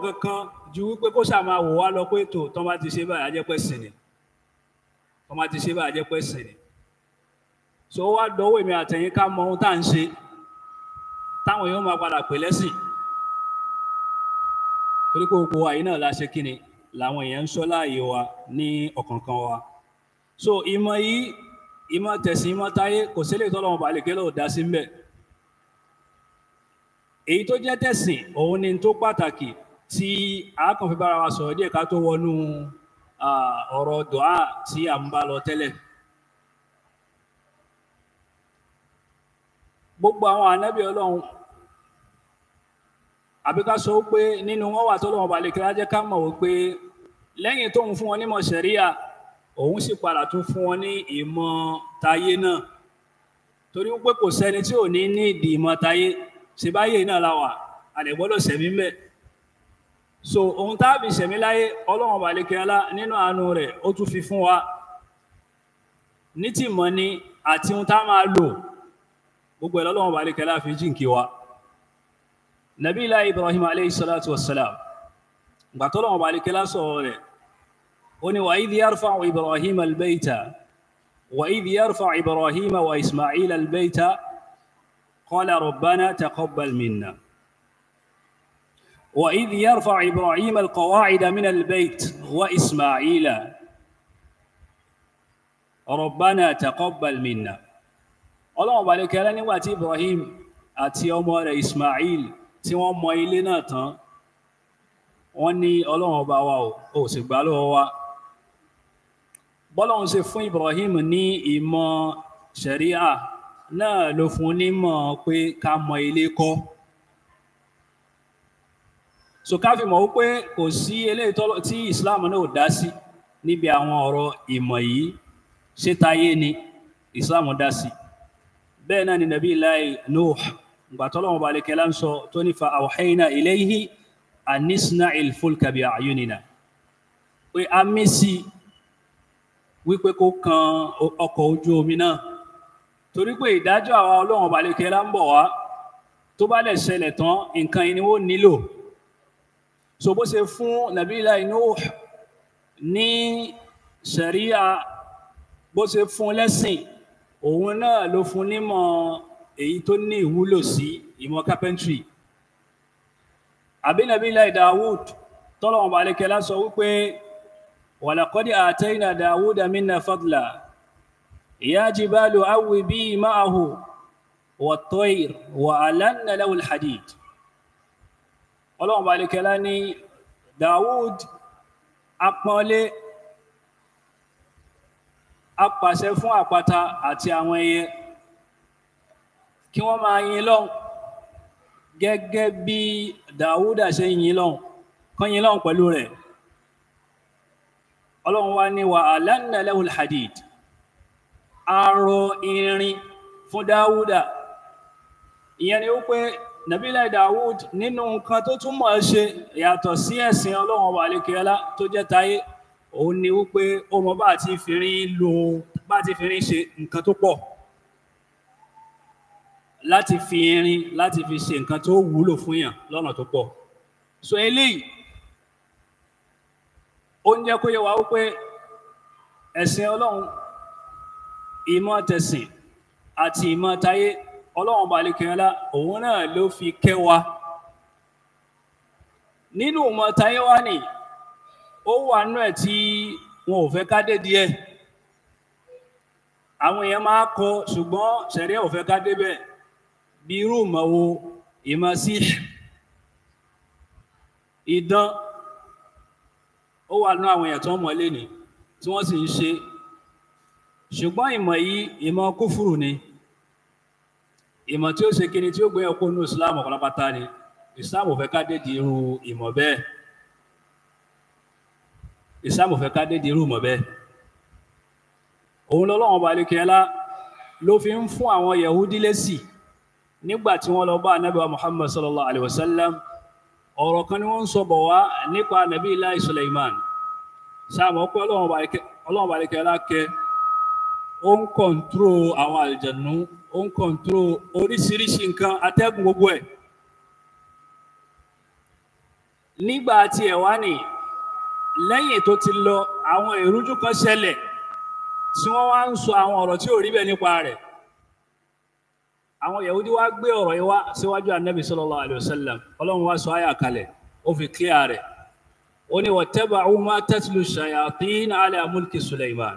kankan ju wípé kó ṣáà máa wò wá lọ pé tò tán bá ti ṣe báyìí ajẹ́pẹ́ sìn ni tán bá ti ṣe báyìí ajẹ́pẹ́ sìn ni so ó wá dọwọ́ èmi àtẹ̀yìn ká mọ ohun tá à ń ṣe táwọn yóò máa padà pè lẹ́sìn torí pé gbogbo àyè náà la ṣe kíni làwọn èèyàn ń sọ láàyè wa ní ọ̀kọ̀ọ̀kan wa so ìmọ̀ yìí ìmọ̀ tẹ̀sìn ìmọ̀ táyé kò sílẹ̀ tọ́lọ́wọ́n balẹ̀ kí lóò dá sí mbẹ̀ èyí tó jẹ́ tẹ̀sìn òun ni tó pàtàkì tí a kàn fi bára wa sọ̀rọ̀ díẹ̀ ká tó wọnú ọ̀rọ̀ dùá tí a ń bá lọ tẹ́lẹ̀. gbogbo àwọn ànábì ọlọ́run àbí ká sọ pé nínú wọn wà tọ́lọ́wọ́n balẹ̀ kí lájẹ́ ká mọ̀ wípé lẹ́yìn tóun fún wọn nímọ̀ ṣẹ̀ríà òun sì padà tún fún wọn ní ìmọ̀ tayé náà torí wípé kò sẹ́ni tí ò ní ní ìdí ìmọ̀ tayé ṣe báyé náà la wà a lè gbọ́dọ̀ mẹ́ẹ̀ so ohun tá a fi ṣẹ̀mí láyé ọlọ́run balẹ̀kẹ́lá nínú àánú rẹ̀ ó tún fi fún wa ní tí mọ̀ ni àti ohun tá a máa lò gbogbo ẹ̀ lọ́lọ́run balẹ̀kẹ́lá fi jíǹkí wa nàbí ilá ibrahim aleyhi salatu wassalam gbà tọ́lọ́run balẹ̀kẹ́lá sọ̀rọ̀ rẹ̀ ó ní wa idh yarfa'u ibrahim albayta wa idh yarfa'u ibrahim wa ismail albayta qala rabbana taqabbal وإذ يرفع إبراهيم القواعد من البيت وإسماعيل ربنا تقبل منا ọlọ́run ọba lẹ́kẹ́lẹ́ nígbà tí ibrahim àti ọmọ rẹ̀ ismail tí wọ́n mọ ilé náà tán wọ́n ní ọlọ́run ọba wa ò sì gbà lọ́wọ́ wa bọ́lọ́run ṣe fún ibrahim ní ìmọ̀ ṣẹ̀ríà náà ló fún nímọ̀ pé ká mọ ilé kọ́ so ká fi mọ̀ wípé kò sí eléyìí tí islam náà ò dá sí níbi àwọn ọ̀rọ̀ ìmọ̀ yìí ṣé táyé ni islam dá sí bẹ́ẹ̀ náà ni nàbí láì Nuh ìgbà tọ́lọ́wọ́n balẹ̀ kẹlá ń sọ tó ní fa awhayna ilayhi anisna ilfulka bi ayunina pé a mí sí wípé kó kan ọkọ̀ ojú omi náà torí pé ìdájọ́ àwọn ọlọ́wọ́n balẹ̀ kẹlá ń bọ̀ wá tó bá lè ṣẹlẹ̀ tán nǹkan yìí nílò so bó ṣe fún nàbílá Nuh ní ṣẹ̀ríà bó ṣe fún lẹ́sìn òun náà ló fún nímọ̀ èyí tó ní ìwúlò sí ìmọ̀ carpentry àbí nàbílá Dawud tọ́lọ̀wọ̀n balẹ̀kẹ́lá sọ wípé walaqad atayna Dawuda minna fadla ya jibalu awwi bi ma'ahu wa at-tayr wa alanna lahu hadid ọlọ́run balẹ̀kẹ́lá ní Dawud apọ́nlé apàṣẹ fún àpáta àti àwọn ẹyẹ kí wọ́n máa yin lọ́hùn gẹ́gẹ́ bí Dawuda ṣe yin lọ́hùn kán yin lọ́hùn pẹ̀lú rẹ̀ ọlọ́run wá ní wa alanna lahul hadid arọ irin fún Dawuda ìyẹn ni ó pé nàbílẹ̀ Dawud nínú nǹkan tó tún mọ̀ ẹ́ ṣe yàtọ̀ sí ẹ̀sìn ọlọ́run ọba àlekèọ́lá tó jẹ́ táyé òun ni wípé ó bá ti fìrín lo bá ti fìrín ṣe nǹkan tó pọ̀ láti fi irin láti fi ṣe nǹkan tó wúlò fún yàn lọ́nà tó pọ̀ so eléyìí ó ń jẹ́ kó yẹ wá wípé ẹ̀sìn ọlọ́run ìmọ̀ tẹ̀sìn àti ìmọ̀ táyé ọlọ́run ọba àlekèrèlá òun náà ló fi kẹ́ wa nínú ìmọ̀ taiwan ó wà nínú ẹ̀ tí wọn ò fẹ́ ká dé díẹ̀ àwọn èèyàn máa kọ ṣùgbọ́n ṣẹ̀ríà ò fẹ́ ká débẹ̀ bí irú ìmọ̀ wo ìmọ̀ sí idán ó wà nínú àwọn èèyàn tó ń mọ̀lé ni tí wọ́n sì ń ṣe ṣùgbọ́n ìmọ̀ yìí ìmọ̀ kúfùrù ni ìmọ̀ tí ó ṣe kíni tí ó gbé ọkọ ní islam ọ̀pọ̀lọpátá ni islam ò fẹ́ ká dé di irú ìmọ̀ bẹ́ẹ̀ islam ò fẹ́ ká dé di irú ìmọ̀ bẹ́ẹ̀ òun lọ́lọ́wọ́n ba alikẹ́lá ló fi ń fún àwọn yahudi lésì nígbà tí wọ́n lọ bá anabi wa muhammad sallallahu alayhi wa sallam ọ̀rọ̀ kan ni wọ́n ń sọ bọ̀ wá nípa nabi ilayi suleiman sáà mọ̀ pé ọlọ́wọ́n ba alikẹ́lá kẹ́ ó ń kọ̀ǹtró àwọn àlùjànnú ó ń kọ̀ǹtró oríṣiríṣi nǹkan atẹ́gùn gbogbo ẹ̀ nígbà tí ẹ̀ wá nì lẹ́yìn tó ti lọ àwọn ìrújú kan ṣẹlẹ̀ tí wọ́n wá ń sọ àwọn ọ̀rọ̀ tí ò rí bẹ́ẹ̀ nípa rẹ̀ àwọn yahudi wá gbé ọ̀rọ̀ yìí wá síwájú anabi sallallahu alayhi wa sallam ọlọ́run wá sọ ayà kalẹ̀ ó fi kíyà rẹ̀ ó ní wattaba'u ma tatlu shayatin ala mulki suleiman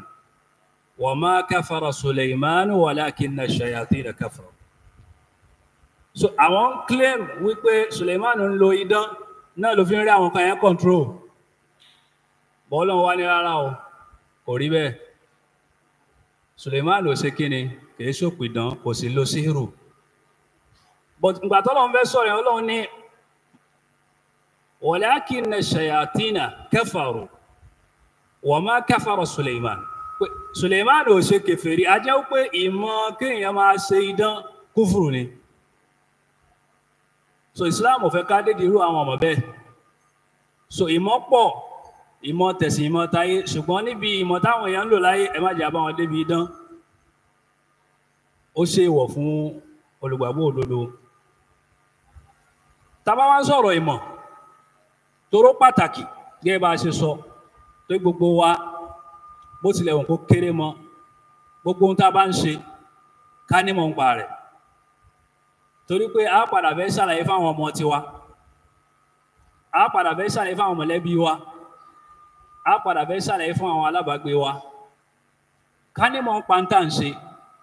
وما كفر سليمان ولكن الشياطين كفروا so àwọn claim wípé Suleiman ń lo idán náà ló fi ń rí àwọn kan yẹn control bọ́ọ̀lù wa ní rárá o kò rí bẹ́ẹ̀ Suleiman ò ṣe kíni kìí ṣòpò idán kò sì lo síhìrù but ìgbà tó lọ́n fẹ́ sọ̀rọ̀ yẹn Ọlọ́run ní walakinna shayatina kafaru wa ma Suleiman pé Suleiman ò ṣe kèfèrí a jẹ́ pé ìmọ̀ kéèyàn máa ṣe idán kúfùrù ni so Islam ò fẹ́ ká dédìí irú àwọn ọmọ bẹ́ẹ̀ so ìmọ̀ pọ̀ ìmọ̀ tẹ̀sìn ìmọ̀ táyé ṣùgbọ́n níbi ìmọ̀ táwọn èèyàn ń lò láyé ẹ má jẹ́ a bá wọn débi idán ó ṣe ìwọ̀ fún olùgbàgbọ́ òdodo tábà wá ń sọ̀rọ̀ ìmọ̀ toró pàtàkì gẹ́gẹ́ bá a ṣe sọ pé gbogbo wa bó tilẹ̀ wọ̀n kó kéré mọ́ gbogbo ohun tá a bá ń ṣe ká nímọ̀ ń pa rẹ̀ torí pé a padà fẹ́ ṣàlàyé fáwọn ọmọ tiwa a padà fẹ́ ṣàlàyé fáwọn mọ̀lẹ́bí wa a padà fẹ́ ṣàlàyé fún àwọn alábàágbé wa ká nímọ̀ ń pa ń tà ń ṣe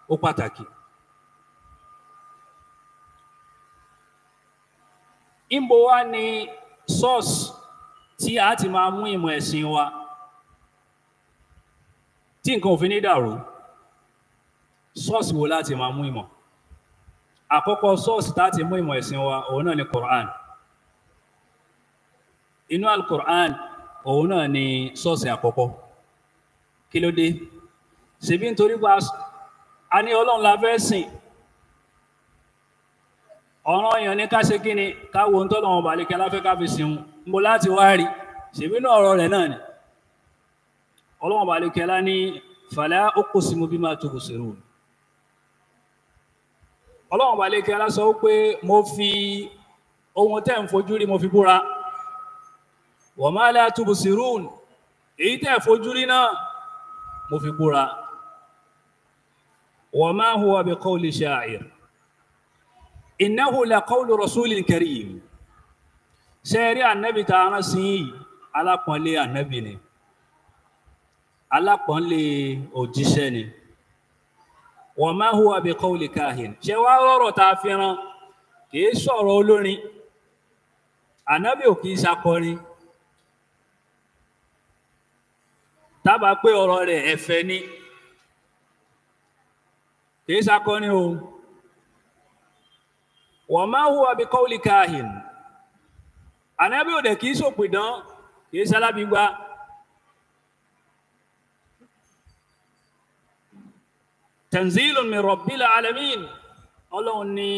ó pàtàkì. ìbò wa ni source tí a ti máa mú ìmọ̀ ẹ̀sìn wa tí nǹkan òfin ní dàrú sọ́ọ̀sì wo láti máa mú ìmọ̀ àkọ́kọ́ sọ́ọ̀sì láti mú ìmọ̀ ẹ̀sìn wa òun náà ni Qur'an inú al-Qur'an òun náà ni sọ́ọ̀sì àkọ́kọ́ kí ló dé ṣebí nítorí pa a ní ọlọ́run la fẹ́ sìn ọ̀ràn èèyàn ní ká ṣe kí ni káwo ń tọ́lọ́run balẹ̀ kí aláfẹ́ ká fi sìn ń láti wá rí ṣebí náà ọ̀rọ̀ rẹ̀ náà ni ọlọ́wọ́n bá lè kẹ́lá ní fàlá uqsimu bima tubsirun ọlọ́wọ́n bá lè kẹ́lá sọ pé mo fi ohun tẹ́ ń fojú rí mo fi búra wa ma la tubsirun èyí tẹ́ fojú rí náà mo fi búra wa ma huwa bi qawli sha'ir innahu la qawlu rasulin karim ṣe rí ànábì tààrà sí alápọ̀nlé ànábì ni alápọ̀nlé òjíṣẹ́ ni wa ma huwa bi qawli kahin ṣé wá rọ̀rọ̀ tá a fi ran kìí sọ̀rọ̀ olórin ànábì ò kìí ṣakọrin tábà pé ọ̀rọ̀ rẹ̀ ẹ̀fẹ̀ ni kìí ṣakọrin o wa ma huwa bi qawli kahin ànábì ò dẹ̀ kìí ṣòpìdán kìí ṣalábìgbà. tanzilun min rabbil alamin ọlọ́run ni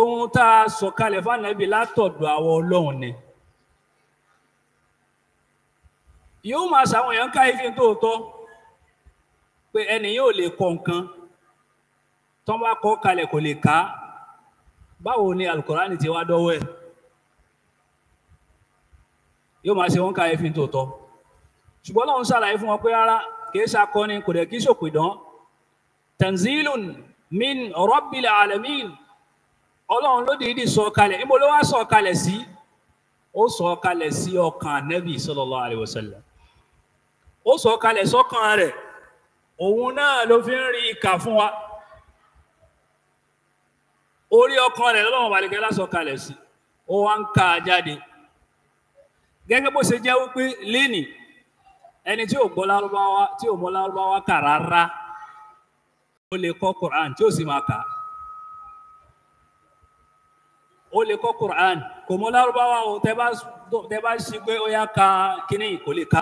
ohun tá a sọ̀kalẹ̀ fánàbí látọ̀dọ̀ àwọn ọlọ́run ni yóò máa ṣàwọn èèyàn káyéfì tóòtọ́ pé ẹni yóò lè kọ nǹkan tó bá kọ kalẹ̀ kò lè kà á báwo ni alukurani ti wá dọ́wọ́ ẹ̀ yóò máa ṣe wọn káyéfì tóòtọ́ ṣùgbọ́n lọ́run ṣàlàyé fún wọn pé rárá kì í ṣakọni kò dẹ̀ kì í ṣòpìdán tanzilun min rabbil alamin ọlọ́run ló dìídì sọ kalẹ̀ níbo ló wá sọ kalẹ̀ sí ó sọ kalẹ̀ sí ọkàn anabi sallallahu alayhi wa sallam ó sọ kalẹ̀ sọ́kàn rẹ̀ òun náà ló fi ń rí ìkà fún wa orí ọkàn rẹ̀ lọ́wọ́ balẹ̀kẹ́ lásọ kalẹ̀ sí ó wá ń ka jáde gẹ́gẹ́ bó ṣe jẹ́ wípé lénìí ẹni tí ò gbọ́ lárúbáwá tí ò mọ̀ lárúbáwá kà rárá ó lè kọ́ quran tí ó sì máa kà á ó lè kọ́ quran kò mọ̀ lárúbáwá o tẹ́ bá ṣe pé ó yá ka kínní kò lè ka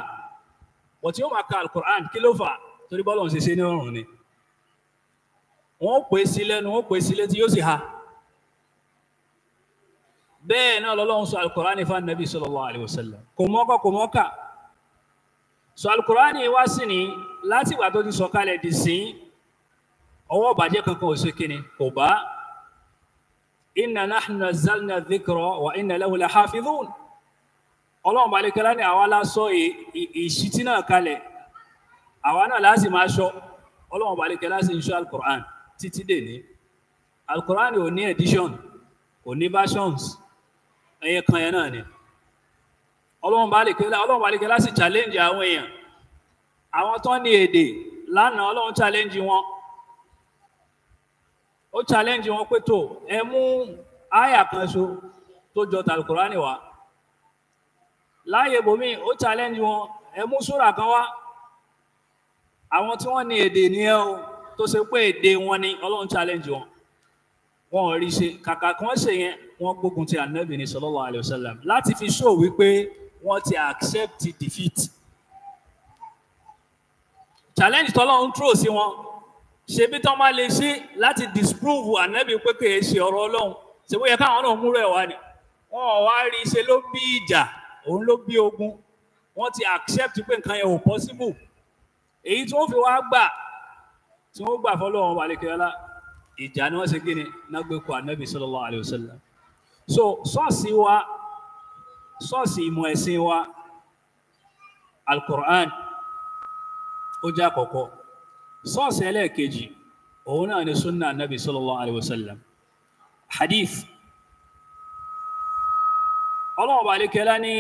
wọ́n tí ó máa ka alukur'an kí ló fà torí bọ́lọ̀ ṣe ṣe ní ọ̀run ni wọ́n pè é sí lẹ́nu wọ́n pè é sí létí yóò sì ha bẹ́ẹ̀ náà lọ́lọ́run sọ alukur'an ní fún nabi sallallahu alayhi wa sallam kò mọ́kà kò mọ́kà sọ alukur'an yìí wá sí ni láti ìgbà tó ti sọ kalẹ̀ dì sín ọwọ́ ìbàjẹ́ kankan ò sí kíni kò bá inna nahnu nazzalna dhikra wa inna lahu lahafidhun ọlọ́run balẹ̀kẹ́lá ni àwa la sọ ìṣítí náà kalẹ̀ àwa náà láti máa ṣọ́ ọlọ́run balẹ̀kẹ́lá sì ń ṣọ́ alukur'an títí dè ní alukur'an ò ní edition kò ní versions ẹ̀yẹ kan yẹn náà ni ọlọ́run balẹ̀kẹ́lá ọlọ́run balẹ̀kẹ́lá sì challenge àwọn èèyàn àwọn tó ní èdè lánàá ọlọ́run challenge wọn ó challenge wọn pé tó ẹ mú àyà kan ṣo tó jọ tàlùkùránì wá láàyè bòmíì ó challenge wọn ẹ mú súrà kan wá àwọn tí wọ́n ní èdè ní ẹ o tó ṣe pé èdè wọn ni Ọlọ́run challenge wọn wọn ò rí ṣe kàkà kan ṣe yẹn wọ́n gbógun ti anabi ní sallallahu alayhi wa sallam láti fi show wípé wọ́n ti accept defeat challenge tọ́lọ́run throw sí wọn ṣebí tán máa lè ṣe láti disprove ànábì pé kì í ṣe ọ̀rọ̀ ọlọ́run ṣèwọ́ yẹ káwọn náà múrẹ̀ wá ni wọn ò wá rí i ṣe ló bí ìjà òun ló bí ogun wọn ti accept pé nǹkan yẹn ò possible èyí tí wọn fi wá gbà tí wọn gbà fọlọ́run balẹ̀kẹ́lá ìjà ni wọ́n ṣe gíni nágbèkọ ànábì sallallahu alayhi wa so sọ́ọ̀sì wa sọ́ọ̀sì ìmọ̀ ẹ̀sìn wa alukur'an ó jẹ́ àkọ́kọ́ sọ́ọ̀sì ẹlẹ́ẹ̀kejì òun náà ni sunna nabi sallallahu alayhi wa sallam hadith ọlọ́wọ́ balikẹ́lá ni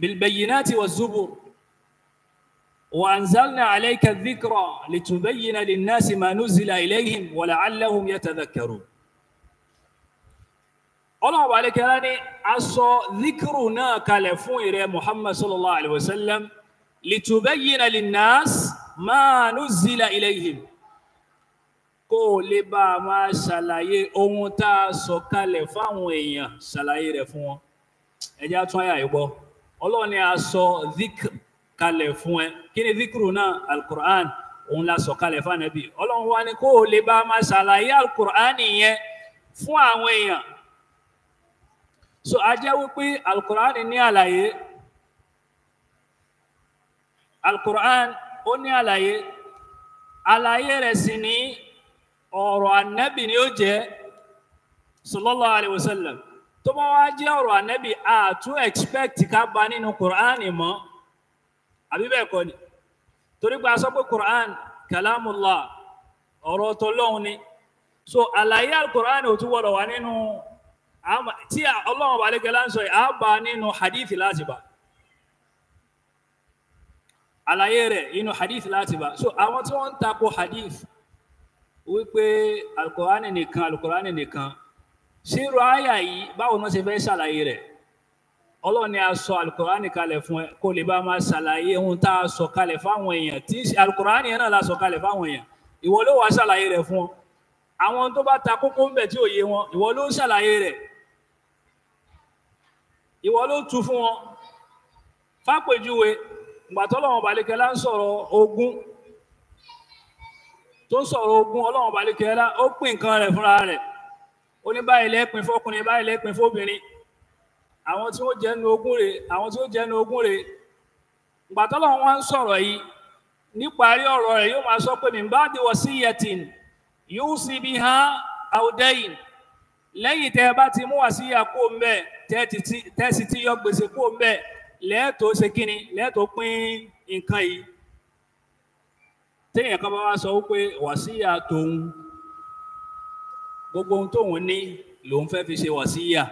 bilbayinati wa zubur وأنزلنا عليك الذكرى لتبين للناس ما نزل إليهم ولعلهم يتذكرون ọlọ́run ọba alẹ́kẹ́lá ní aṣọ zikiru náà kalẹ̀ fún ìrẹ muhammad sallallahu alaihi wasallam litubayyina linnas máa nuzila ilayhim kó o lè bá a máa ṣàlàyé ohun tá a sọ kalẹ̀ fáwọn èèyàn ṣàlàyé rẹ̀ fún wọn ẹjẹ́ á tún àyà yìí gbọ́ ọlọ́run ni a sọ zikr kalẹ̀ fún ẹ kí ni zikru náà alukur'an òun la sọ kalẹ̀ fún anabi ọlọ́run wa ni kó lè bá a máa ṣàlàyé alukur'an yẹn fún àwọn èèyàn so a jẹ́ wípé alukur'an ní àlàyé alukur'an ó ní àlàyé àlàyé rẹ̀ sì ní ọ̀rọ̀ ànábì ni ó jẹ́ sallallahu alayhi wa sallam tó bá wá jẹ́ ọ̀rọ̀ ànábì àtú expect ká bá nínú Qur'an mọ́ àbí bẹ́ẹ̀ kọ́ ni torí pé a sọ pé Qur'an kalamullah ọ̀rọ̀ tọ́lọ́hun ni so àlàyé al-Qur'an ò tún wọ́lọ̀ wá nínú tí ọlọ́run balẹ̀ gẹ́lá ń sọ yìí àbá nínú hadithi láti bá àlàyé rẹ̀ inú hadith láti bá so àwọn tí wọ́n ń tako hadith wípé alukurani nìkan alukurani nìkan ṣírò àyà yìí báwo ni wọ́n ṣe fẹ́ ṣàlàyé rẹ̀ ọlọ́run ni a sọ alukurani kalẹ̀ fún ẹ kó lè bá máa ṣàlàyé ohun tá a sọ kalẹ̀ fáwọn èèyàn tí alukurani yẹn náà la sọ kalẹ̀ fáwọn èèyàn ìwọ ló wàá ṣàlàyé rẹ̀ fún ọ àwọn tó bá ta kókó ń bẹ tí ò yé wọn ìwọ ló ṣàlàyé rẹ̀ ìwọ ló tu fún wọn fápèjúwe gbàtọ́lọ́wọ́n balikẹ́lá ń sọ̀rọ̀ ogún tó ń sọ̀rọ̀ ogún ọlọ́wọ́n balikẹ́lá ó pín nǹkan rẹ̀ fúnra rẹ̀ ó ní báyìí lẹ́pin fọkùnrin báyìí lẹ́pin fóbìnrin àwọn tí ó jẹ́nu ogún rẹ̀ àwọn tí ó jẹ́nu ogún rẹ̀ gbàtọ́lọ́wọ́n wá ń sọ̀rọ̀ yìí níparí ọ̀rọ̀ rẹ̀ yóò máa sọ pé mi bá di wasiyatin yusi biha aw dayn lẹ́yìn tẹ́ ẹ bá ti mú wàsíyà kó mbẹ́ tẹ́ sì ti yọ gbèsè kó mbẹ́ lẹ́ẹ̀tọ́ ṣe kíni lẹ́ẹ̀tọ́ pín nǹkan yìí téèyàn kan bá wá sọ wípé wàsíyà tòun gbogbo ohun tóun ní lòun fẹ́ fi ṣe wàsíyà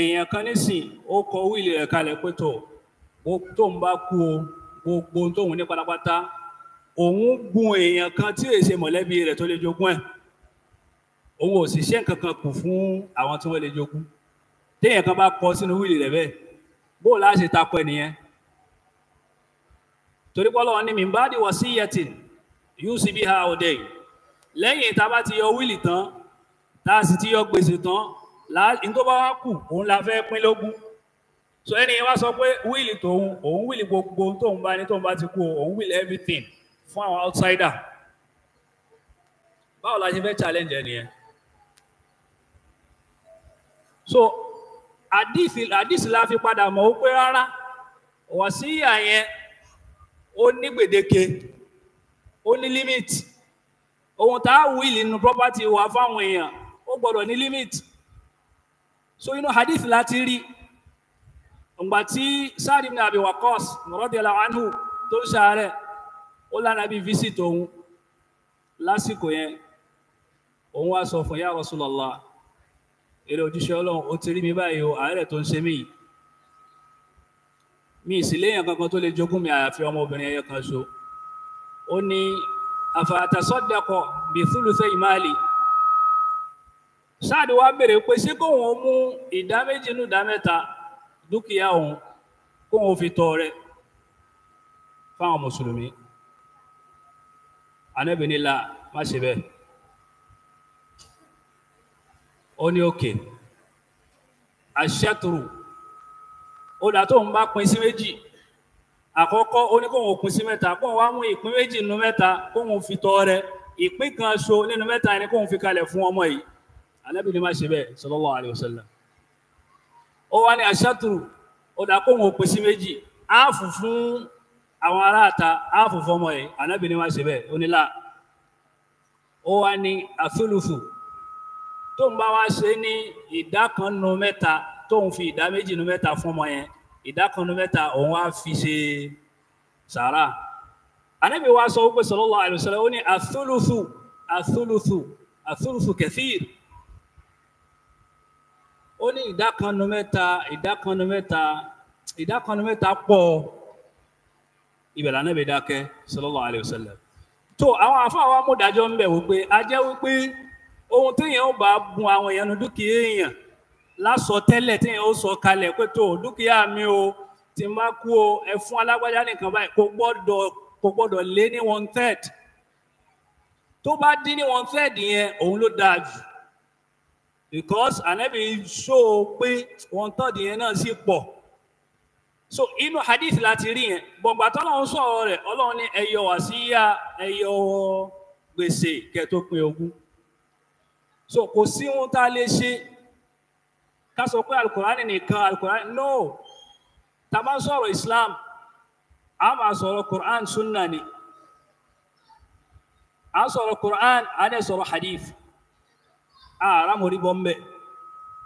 èèyàn kan nísìn ó kọ wíìlì rẹ̀ kalẹ̀ pé tọ̀ tóun bá kú o gbogbo ohun tóun ní pátápátá òun gun èèyàn kan tí èè ṣe mọ̀lẹ́bí rẹ̀ tó lè kan kù fún àwọn tí wọ́n lè jogún téèyàn kan bá kọ sínú wíìlì rẹ̀ bẹ́ẹ̀ bó o láṣẹ takọ ẹnìyẹn torí pé Ọlọ́run ní mi bá di wasiyati yusibiha òde lẹ́yìn tá a bá ti yọ wíìlì tán tá a sì ti yọ gbèsè tán ní tó bá wá kù òun la fẹ́ pín lógún so ẹni wá sọ pé wíìlì tòun òun wíìlì gbogbo tóun bá ní tóun bá ti kú òun wíìlì everything fún àwọn outsider báwo la ṣe fẹ́ challenge ẹnìyẹn so àdìsí la fi padà mọ̀ ó pé rárá wàsíyà yẹn ó ní gbèdéke ó ní limit ohun tá a wíìlì nínú property wa fáwọn èèyàn ó gbọ́dọ̀ ní limit so inú hadith láti rí ìgbà tí Sa'd ibn Abi Waqqas radiyallahu anhu tó ń ṣàárẹ̀ ó lára bí visit òun lásìkò yẹn òun wá sọ fún ya Rasulullah eré òjíṣẹ́ ọlọ́run ó ti rí mi báyìí o àárẹ̀ tó ń ṣe mí mi ìsìléyàn kankan tó lè jogún mi àyàfi ọmọbìnrin ẹyẹ kan so ó ní àfàtàsọ́dẹ̀kọ̀ bíi thuluthi ìmáàlì sáàdì wa béèrè pé ṣé kóun mú ìdá méjì nínú ìdá mẹ́ta dúkìá òun kóun fi tọrẹ fáwọn mùsùlùmí anábìnrin la má ṣe bẹ́ẹ̀ ó ní òkè àṣẹtùrù ọ̀dà tó ń bá pín sí méjì àkọ́kọ́ ó ní kóun pín sí mẹ́ta kóun wá mú ìpín méjì nínú mẹ́ta kóun fi tọrẹ ìpín kan so nínú mẹ́ta ni kóun fi kalẹ̀ fún ọmọ yìí Ànábì má ṣe bẹ́ẹ̀ sallallahu alaihi wasallam ó wá ní àṣẹtùrù ọ̀dà kóun pín sí méjì áàfù fún àwọn aráàta áàfù fọmọ yìí Ànábì ní má ṣe bẹ́ẹ̀ ó ní ó wá ní àfúlùfù tó ń bá wá ṣe ní ìdá kan nu mẹ́ta tóun fi ìdá méjì nu mẹ́ta fún ọmọ yẹn ìdá kan nu mẹ́ta òun wá fi ṣe sàrà anabi wa sọ wípé sallallahu alaihi wasallam ó ní athuluthu athuluthu athuluthu kathir ó ní ìdá kan nu mẹ́ta ìdá kan nu mẹ́ta ìdá kan nu mẹ́ta pọ̀ ìbẹ̀rẹ̀ anabi dákẹ́ sallallahu alaihi tó àwọn afọ àwọn amúdájọ́ ń bẹ̀ wípé a jẹ́ wípé ohun téèyàn ó bá gun àwọn èèyàn nu dúkìá èèyàn lásọ tẹ́lẹ̀ téèyàn ó sọ kalẹ̀ pé tó dúkìá mi o ti má kú o ẹ fún alágbájá nìkan báyìí kò gbọ́dọ̀ kò gbọ́dọ̀ lé ní one third tó bá dín ní one third yẹn òun ló dáa jù because anabi sọ pé one third yẹn náà sì pọ̀ so inú hadith láti rí yẹn gbọ̀ngbà tọ́lọ́run sọ̀rọ̀ rẹ̀ ọlọ́run ní ẹ yọ wá sí yá ẹ gbèsè kẹ́ tó so kò sí ohun tá a lè ṣe ká sọ pé alukurani nìkan alukurani no tá a bá ń sọ̀rọ̀ islam a máa sọ̀rọ̀ quran sunna ni a sọ̀rọ̀ quran a dẹ̀ sọ̀rọ̀ hadith a aramori bọ́ mbẹ́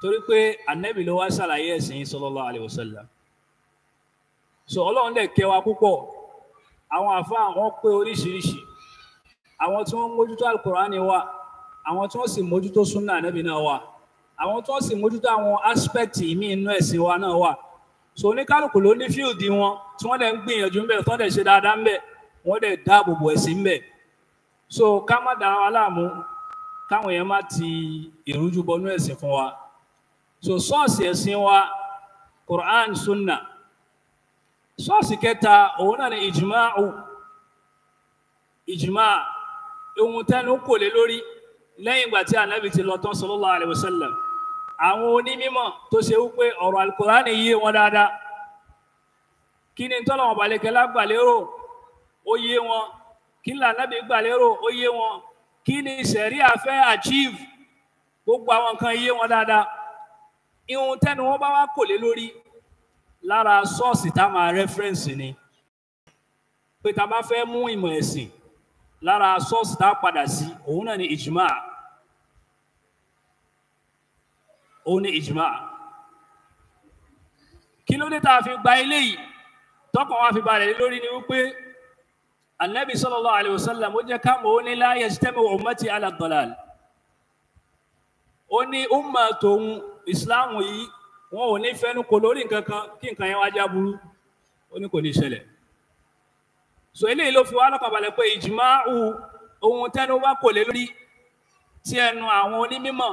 torí pé anabi ló wá ṣàlàyé ẹ̀sìn sallallahu alayhi so ọlọ́run dẹ̀ kẹ́ wa púpọ̀ àwọn àfa àwọn pé oríṣiríṣi àwọn tí wọ́n mójútó alukurani wa àwọn tí wọ́n sì mójútó súnà ànábì náà wà àwọn tí wọ́n sì mójútó àwọn aspect míì inú ẹ̀sìn wa náà wà so oníkálukú ló ní fíìdì wọn tí wọ́n dẹ̀ ń gbìyànjú ńbẹ̀ tó ń dẹ̀ ṣe dáadáa ńbẹ̀ wọ́n dẹ̀ dáàbò bò ẹ̀sìn ńbẹ̀ so ká má dá wa láàmú káwọn yẹn má ti ìrújú bọnú ẹ̀sìn fún wa so sọ́ọ̀sì ẹ̀sìn wa Quran sunna sọ́ọ̀sì kẹta òun náà ni ìjìmáà ìjìmáà ohun tẹnu kò lé lórí lẹ́yìn ìgbà tí anabi ti lọ tán sallallahu alayhi wa sallam àwọn onímọ̀ tó ṣe wípé ọ̀rọ̀ alukurani yé wọn dáadáa kí ni tọ́lọ̀ wọn balẹ̀kẹ́lá gbàlérò ó yé wọn kí ni anabi gbàlérò ó yé wọn kí ni sẹ̀ríà fẹ́ achieve gbogbo àwọn nǹkan yé wọn dáadáa ihun tẹ́nu wọn bá wá kò lé lórí lára sọ́ọ̀sì tá a máa rẹ́fẹ́rẹ́nsì ni pé tá bá fẹ́ mú ìmọ̀ ẹ̀sìn lára sọ́ọ̀sì tá a padà sí òun náà ni ìjìmá òun ni ìjìmá kí ló dé tá a fi gba eléyìí tọkàn wa fi balẹ̀ lórí ni wípé anabi sallallahu alayhi wa sallam ó jẹ́ ká mọ̀ ó ní la yajtami'u ummati ala dalal ó ní umma tòun ìsìláàmù yìí wọn ò ní fẹnu kò lórí nǹkan kan kí nǹkan yẹn wá jáburú ó ní kò ní ṣẹlẹ̀ so eléyìí ló fi wá lọ́kànbalẹ̀ pé ìjìmáàù ohun tẹnu wá kò lé lórí tí ẹnu àwọn onímọ̀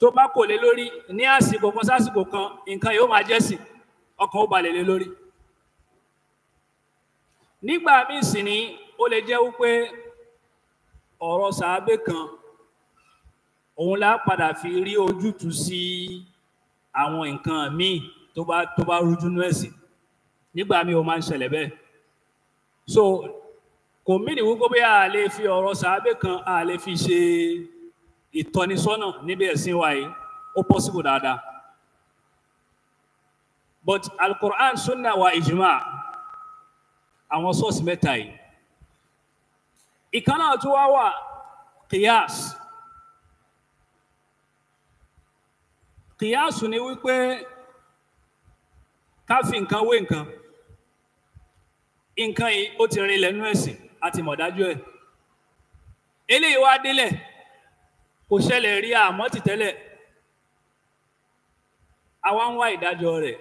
tó bá kò lé lórí ní àsìkò kan sásìkò kan nǹkan yóò máa jẹ́ ọkàn ó balẹ̀ lé lórí. nígbà míì sì ni ó lè jẹ́ wípé ọ̀rọ̀ sàábé kan òun la padà fi rí ojútùú sí àwọn nǹkan míì tó bá tó bá rújú nú ẹ̀sìn nígbà míì ó máa ń ṣẹlẹ̀ bẹ́ẹ̀ so kò mí nìwú kó bí a lè fi ọ̀rọ̀ sàábé kan a lè fi ṣe ìtọ́nisọ́nà níbi ẹ̀sìn wa yìí ó possible dáadáa but alukur'an sunna wa ijima àwọn sọ́ọ̀sì mẹ́ta yìí ìkànnà tó wá wà kìyàs kìyàsù ni wípé ká nǹkan wé nǹkan. nǹkan yìí ó ti rin lẹ́nu ẹ̀sìn àti mọ̀dájú ẹ̀ eléyìí wá délẹ̀ kò ṣẹlẹ̀ rí àmọ́ ti tẹ́lẹ̀ àwa ń wá ìdájọ́ rẹ̀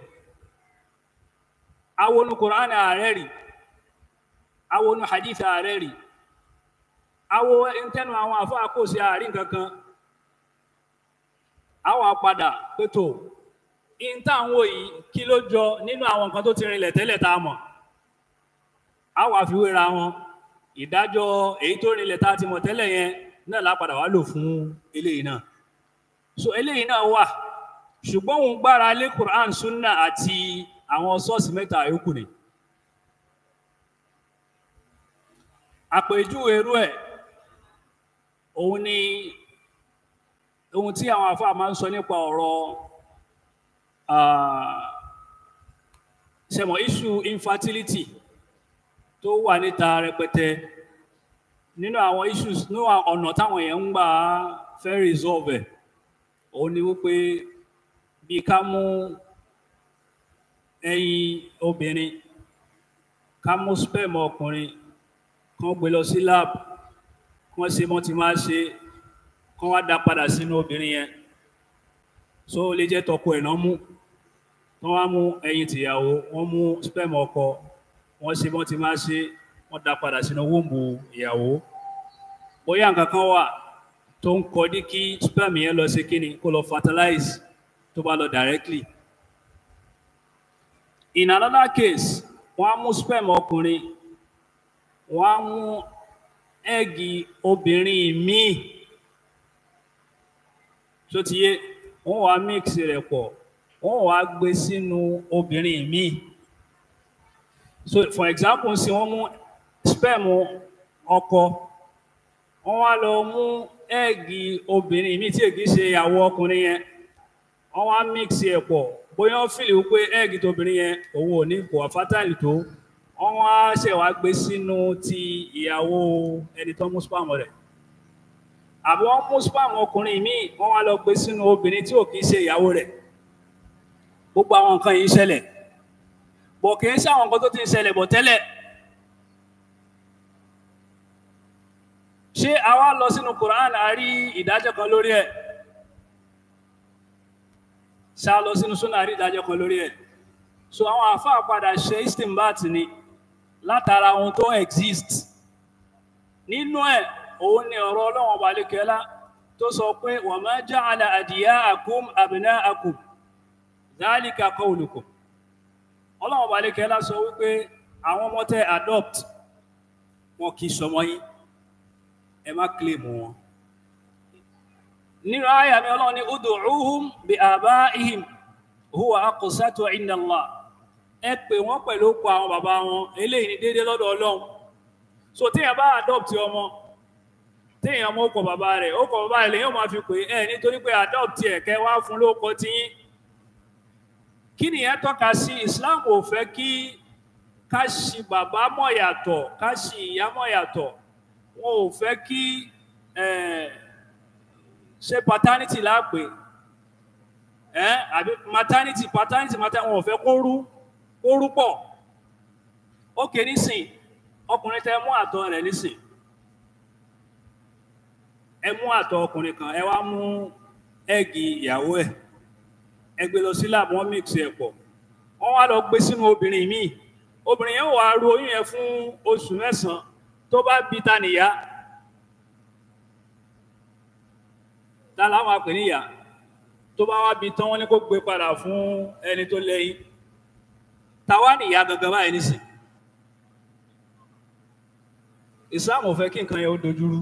awonu Qur'an ààrẹ rí awonu hadith ààrẹ rí awo ntẹnu àwọn àfọ àkóso àárín kankan àwọn àpadà pẹ̀tọ̀ ìntàwọn yìí kí ló jọ nínú àwọn nǹkan tó ti rinlẹ̀ tẹ́lẹ̀ tá a mọ̀. á wàá fi wéra wọn ìdájọ́ èyí tó rinlẹ̀ tá a ti mọ̀ tẹ́lẹ̀ yẹn náà lápadà wá lò fún eléyìí náà so eléyìí náà wà ṣùgbọ́n òun gbára lé Quran sunna àti àwọn sọ́ọ̀sì mẹ́ta yòókù ni àpèjúwe irú ẹ̀ òun ni ohun tí àwọn àfáà máa ń sọ nípa ọ̀rọ̀ sẹmọ issue infertility tó wà níta rẹpẹtẹ nínú àwọn issues nínú ọ̀nà táwọn èèyàn ń gbà fẹ́ resolve ẹ̀ òun ni wípé bí ká mú ẹyin obìnrin ká mú sperm ọkùnrin kán gbé lọ sí lab kán ṣe mọ́ ti máa ṣe kán wá dá padà sínú obìnrin yẹn so ó lè jẹ́ tọkọ ẹ̀ náà mú wọ́n wá mú ẹyin tìyàwó wọ́n mú sperm ọkọ wọ́n ṣe wọ́n ti máa ṣe wọ́n dá padà sínú wọ́ǹbù ìyàwó bóyá nǹkan kan wà tó ń kọ ní kí sperm yẹn lọ sí kíni kó lọ fertilize tó bá lọ directly in another case wọ́n á mú sperm ọkùnrin wọ́n á mú ẹ́ẹ̀gì obìnrin míì tó ti yé wọ́n wá mix rẹ̀ pọ̀ wọ́n wá gbé sínú obìnrin míì so for example ṣe wọ́n mú sperm ọkọ wọ́n wá lọ mú ẹ́ẹ̀gì obìnrin mi tí èkì ṣe ìyàwó ọkùnrin yẹn wọ́n wá mix ẹ̀ pọ̀ bóyá wọ́n fìlì wípé ẹ́ẹ̀gì tóbìnrin yẹn òun ò ní kò àfátàlì tó wọ́n wá ṣẹ̀ wá gbé sínú ti ìyàwó ẹni tó mú sperm rẹ̀ àbí wọ́n mú sperm ọkùnrin míì wọ́n wá lọ gbé sínú obìnrin tí ò ṣe ìyàwó rẹ̀ gbogbo àwọn nǹkan yìí ṣẹlẹ̀ bọ̀ kì í ṣe àwọn nǹkan tó ti ń ṣẹlẹ̀ bọ̀ tẹ́lẹ̀ ṣé a wá lọ sínú Quran a rí ìdájọ́ kan lórí ẹ̀ ṣá lọ sínú súnà a rí ìdájọ́ kan lórí ẹ̀ so àwọn àáfàá padà ṣe istimbat ni látara ohun tó exist nínú ẹ̀ òun ni ọ̀rọ̀ Ọlọ́run ọba tó sọ pé wa ma ja'ala adiyaakum abnaakum dhalika qawlukum ọlọ́run ọba alékẹ́lá sọ wípé àwọn ọmọ adopt wọn kì í sọmọ yín ẹ má claim wọn nínú àyà mi ọlọ́run ní ud'uhum bi huwa aqsatu inda ẹ pè wọn pẹ̀lú òkú àwọn bàbá wọn eléyìí ni déédéé lọ́dọ̀ ọlọ́run so téèyàn bá adopt ọmọ téèyàn mọ òkò bàbá rẹ̀ bàbá rẹ̀ ó máa fi pè é nítorí pé adopt ẹ̀ kẹ́ wá fún lóko kí nìyẹn tọ́ka sí islam ò fẹ́ kí ká ṣì bàbá mọ̀ yàtọ̀ ká ṣì ìyá mọ̀ yàtọ̀ wọn ò fẹ́ kí ṣe paternity láàpè àbí maternity paternity maternity wọn ò fẹ́ kó rú kó rú pọ̀ ó ké nísìn ọkùnrin tẹ mú àtọ̀ rẹ̀ nísìn ẹ mú àtọ̀ ọkùnrin kan ẹ wá mú ẹ̀gì ìyàwó ẹ̀ ẹ gbé lọ sí lab wọ́n mix ẹ̀ pọ̀ wọ́n wá lọ gbé sínú obìnrin míì obìnrin yẹn wàá ru oyún yẹn fún oṣù mẹ́sàn-án tó bá bí ta nìyá ta làwọn àpè níyà tó bá wá bí tán wọ́n ní kó gbé padà fún ẹni tó lẹ́yìn tàwa nìyá gangan báyìí nísìn ìsáàmù fẹ́ kí nǹkan yẹn ó dojúrú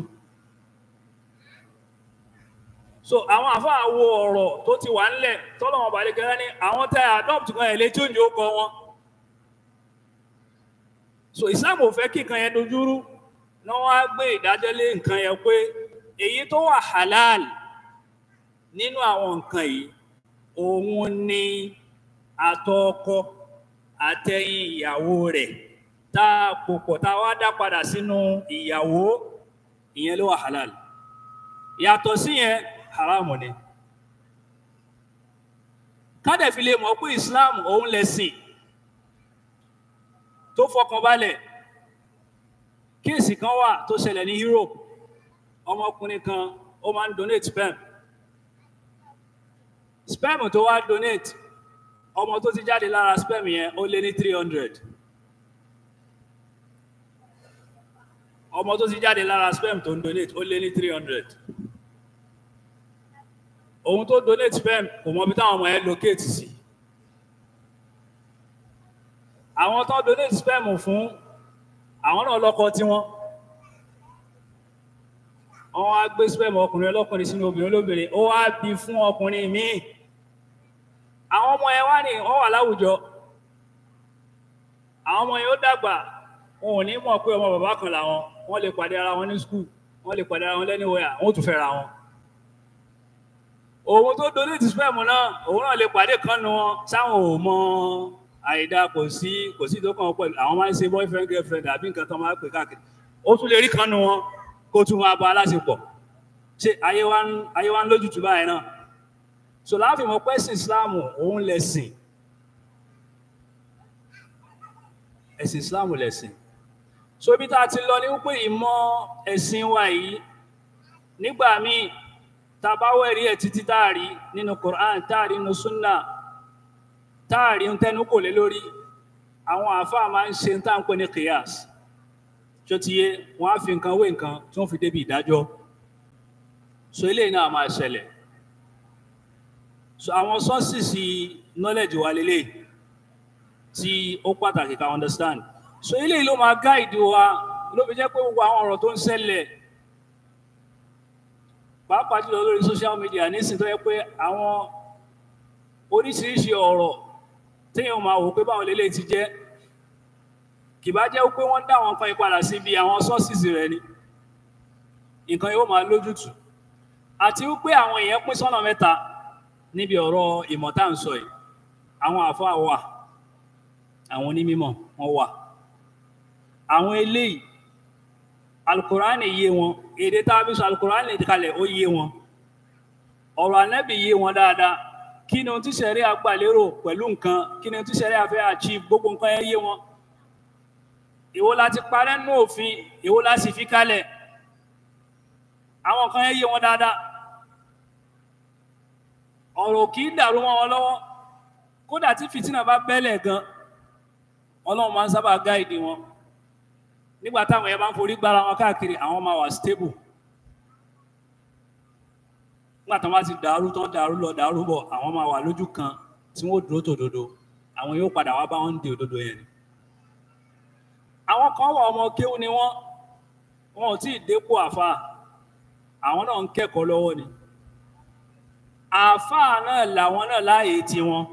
so àwọn àfáà wo ọ̀rọ̀ tó ti wà ńlẹ̀ tọ́lọ́wọ́n balẹ̀ kẹrẹ́ ní àwọn tá a adopt kan ẹ̀ lè change ó kọ wọn so Islam ò fẹ́ kí nǹkan yẹn dojúrú náà wọ́n á gbé ìdájọ́ lé nǹkan yẹn pé èyí tó wà halal nínú àwọn nǹkan yìí òun ni àtọ ọkọ àtẹ̀yìn ìyàwó rẹ̀ tá a kò pọ̀ tá a wá dá padà sínú ìyàwó ìyẹn ló wà halal yàtọ̀ síyẹn haramu ni kádẹ̀ fi lè mọ̀ pé islam òun lẹ̀sìn tó fọkànbalẹ̀ kéèsì kan wà tó ṣẹlẹ̀ ní Europe ọmọkùnrin kan ó máa ń donate sperm sperm tó wá donate ọmọ tó ti jáde lára sperm yẹn ó lé ní three hundred ọmọ tó ti jáde lára sperm tó ń donate ó lé ní three hundred òun tó donate pen kò mọ ibi táwọn ọmọ yẹn locate sí àwọn tó donate pen fún àwọn náà lọ́kọ tiwọn wọn á gbé sperm ọkùnrin ọlọ́kùnrin sínú obìnrin olóbìnrin ó wá bí fún ọkùnrin míì àwọn ọmọ yẹn wá ní wọn wà láwùjọ àwọn ọmọ yẹn ó dàgbà wọn ò ní mọ̀ pé ọmọ bàbá kan làwọn wọn lè pàdé ara wọn ní skul wọn lè pàdé ara wọn lẹ́nìwẹ̀ẹ́ àwọn ò tún fẹ́ ra wọn òun tó donate sperm náà òun náà lè pàdé kan nu wọn sáwọn ò mọ àìdá kò sí kò sí tó kàn wọn pẹ̀lú àwọn máa ń ṣe boyfriend girlfriend àbí nǹkan tó máa ń pè káàkiri ó tún lè rí kan nu wọn kó tún máa bá aláṣepọ̀ ṣe ayé wa ń ayé wa ń lójútu báyìí náà so láàfin mọ̀ pé ẹ̀sìn Islam òun lẹ̀sìn ẹ̀sìn Islam lẹ̀sìn so ibi tá a ti lọ ní wípé ìmọ̀ ẹ̀sìn wa yìí nígbà míì tabawo ẹ̀rí ẹ̀ títí táàrí nínú Qur'an táàrí nínú sunna táàrí ń tẹnu kò lé lórí àwọn àáfàá máa ń ṣe tá à ń pè ní qiyas tó ti yé wọn á fi nǹkan wé nǹkan tí wọn fi débi ìdájọ́ so eléyìí náà máa ṣẹlẹ̀ so àwọn sọ́ọ̀sìsì knowledge wa lélẹ̀ tí ó pàtàkì ká understand so eléyìí ló máa gáìdì wa ló fi jẹ́ pé gbogbo àwọn ọ̀rọ̀ tó ń ṣẹlẹ̀ pàápàá jùlọ lórí social media nísìnyí tó yẹ pé àwọn oríṣiríṣi ọ̀rọ̀ téèyàn máa wò pé báwo lélẹ̀ ti jẹ́ kì bá jẹ́ pé wọ́n dá àwọn kan padà sí ibi àwọn sources rẹ̀ ni nǹkan yóò máa lójútùú àti wípé àwọn èèyàn pín sọ́nà mẹ́ta níbi ọ̀rọ̀ ìmọ̀ tá à ń sọ yìí àwọn àfáà wà àwọn onímọ̀ wọn wà àwọn eléyìí alukurani yé wọn èdè tá a fi sọ alukurani kalẹ̀ ó yé wọn ọ̀rọ̀ anẹ́bì yé wọn dáadáa kí ni ohun tí sẹ̀rí agbàlérò pẹ̀lú nǹkan kí ni ohun tí sẹ̀rí afẹ́ achieve gbogbo nǹkan yẹn yé wọn èwo la ti parẹ́ nínú òfin èwo la sì fi kalẹ̀ àwọn nǹkan yẹn yé wọn dáadáa ọ̀rọ̀ kì í dàrú wọn lọ́wọ́ kódà tí fìtínà bá bẹ́lẹ̀ gan ọlọ́run máa ń sábà gáìdì wọn nígbà táwọn yẹn bá ń forí gbára wọn káàkiri àwọn máa wà stable nígbà tí wọn bá ti dàrú tán dàrú lọ dàrú bọ̀ àwọn máa wà lójú kan tí wọn ò dúró tòdodo àwọn yóò padà wá bá wọn di òdodo yẹn ni àwọn kan wà ọmọ kéwú ni wọn wọn ò tí dépò àfa àwọn náà ń kẹ́kọ̀ọ́ lọ́wọ́ ni àáfàá náà làwọn náà láàyè tiwọn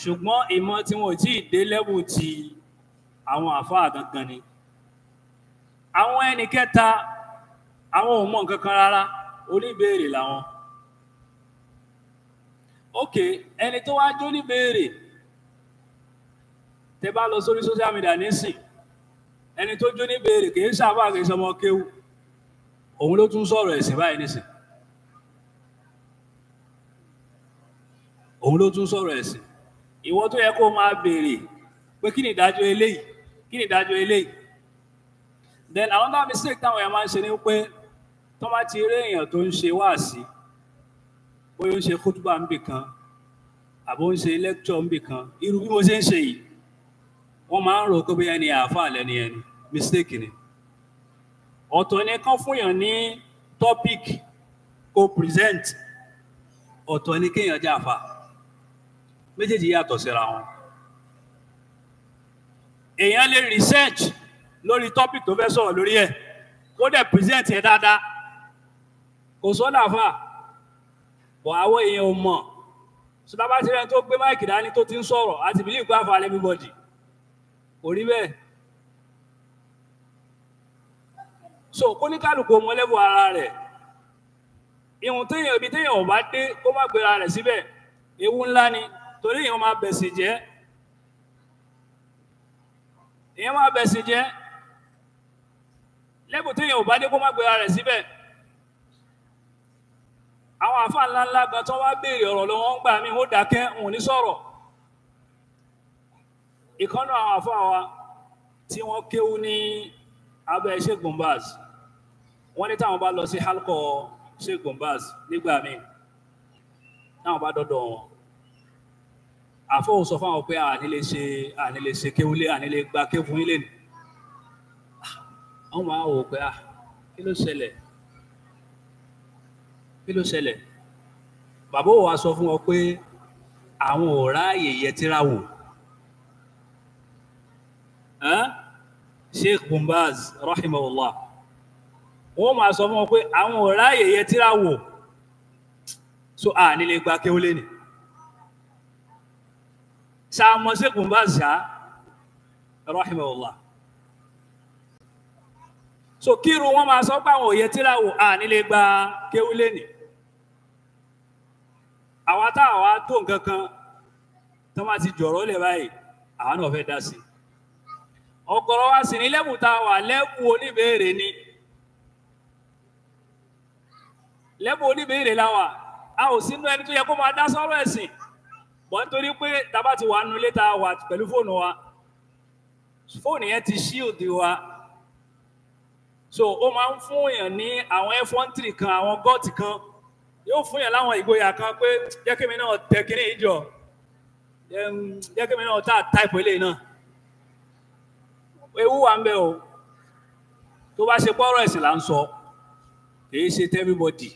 ṣùgbọ́n ìmọ̀ tí wọn ò tí dé lẹ́bù ti àwọn àáfàá gangan ni àwọn ẹnì kẹta àwọn ò mọ nǹkan kan rárá oníbèrè làwọn ok ẹni tó wáá jó níbèrè tẹ bá lọ sórí social media nísìn ẹni tó jó níbèrè kì í ṣàbá kì í ṣọmọ kéwú òun ló tún sọ̀rọ̀ ẹ̀sìn báyìí nísìn òun ló tún sọ̀rọ̀ ẹ̀sìn ìwọ tó yẹ kó máa béèrè pé kí ni ìdájọ́ eléyìí kí ni ìdájọ́ eléyìí then another mistake táwọn èèyàn máa ń ṣe ni pé tó bá ti rí èèyàn tó ń ṣe wáàsí bóyá ó ń ṣe kútùbà níbì kan àbó ń ṣe lecture níbì kan irú bí mo ṣe ń ṣe yìí wọ́n máa ń rò pé bóyá ẹni àáfàá lẹ́ni ẹni mistake ni ọ̀tọ̀ ni kán fún yàn ní topic kó present ọ̀tọ̀ ni kéèyàn jáfa méjèèjì yàtọ̀ síra wọn èèyàn lè research lórí topic tó fẹ́ sọ̀rọ̀ lórí ẹ̀ kó dẹ̀ present ẹ̀ dáadáa kò sọ́dà fà bọ̀ àwọn èèyàn ò mọ̀ sọdá bá ti rẹ̀ tó gbé máìkì dání tó ti ń sọ̀rọ̀ àti bìlí ìgbà fà everybody kò rí bẹ́ẹ̀ so kóníkàlùkù ọmọ lẹ́bù ara rẹ̀ ìhun téèyàn ibi téèyàn ò bá dé kó má gbéra rẹ̀ síbẹ̀ ewu ńlá ni torí èèyàn máa bẹ̀sìn jẹ́ èèyàn máa bẹ̀sìn jẹ́ lẹ́bùn téèyàn ò bá dé kó má gbéra rẹ̀ síbẹ̀ àwọn àfa ńláńlá gan tó wá béèrè ọ̀rọ̀ lọ́wọ́ ń gbà mí ó dákẹ́ òun ní sọ̀rọ̀ ìkànnà àwọn àfa wa tí wọ́n kéwú ní abẹ́ ṣẹ́gun baz wọ́n ní táwọn bá lọ sí halkọ ṣẹ́gun baz nígbà míì táwọn bá dọ́dọ̀ wọn àfọwọ́sọ fáwọn pé àní lè ṣe àní lè ṣe kéwú lé àní lè gba kéwú yín wọ́n wá wò pé à ah, kí ló ṣẹlẹ̀ kí ló ṣẹlẹ̀ bàbá ò wá sọ fún wọn pé àwọn ò ráàyè yẹ tíra wò sheikh bumbaz rahimahullah wọ́n máa sọ fún wọn pé àwọn ò ráàyè yẹ tíra wò so a nílé gba kéwọlé ni sàmọ sheikh bumbaz ṣá rahimahullah so kíru wọn máa sọ pé àwọn òye tíra wò á nílé gba kéwú lẹ́nì àwa tá àwa tó nǹkan kan tó máa ti jọ̀rọ̀ lẹ̀ báyìí àwa náà fẹ́ dá sí i ọ̀gọ̀rọ̀ wa sì ní lẹ́bù tá a wà lẹ́bù oníbèrè ni lẹ́bù oníbèrè la wà a ò sínú ẹni tó yẹ kó máa dá sọ́rọ̀ ẹ̀sìn bọ́n torí pé tábà ti wà nulẹ̀ tá a wà pẹ̀lú fóònù wa fóònù yẹn ti ṣíòdì wa so ó máa ń fún èèyàn ní àwọn f one three kan àwọn gọ́ọ̀tì kan yóò fún èèyàn láwọn ìgboyà kan pé jẹ́ kí mi náà tẹ kí ìjọ jẹ́ kí mi náà tá táìpù eléyìí náà ewu wa ń bẹ o tó bá ṣe pọ́rọ̀ ẹ̀sìn là ń sọ kì í ṣe tẹ́bíbọ̀dì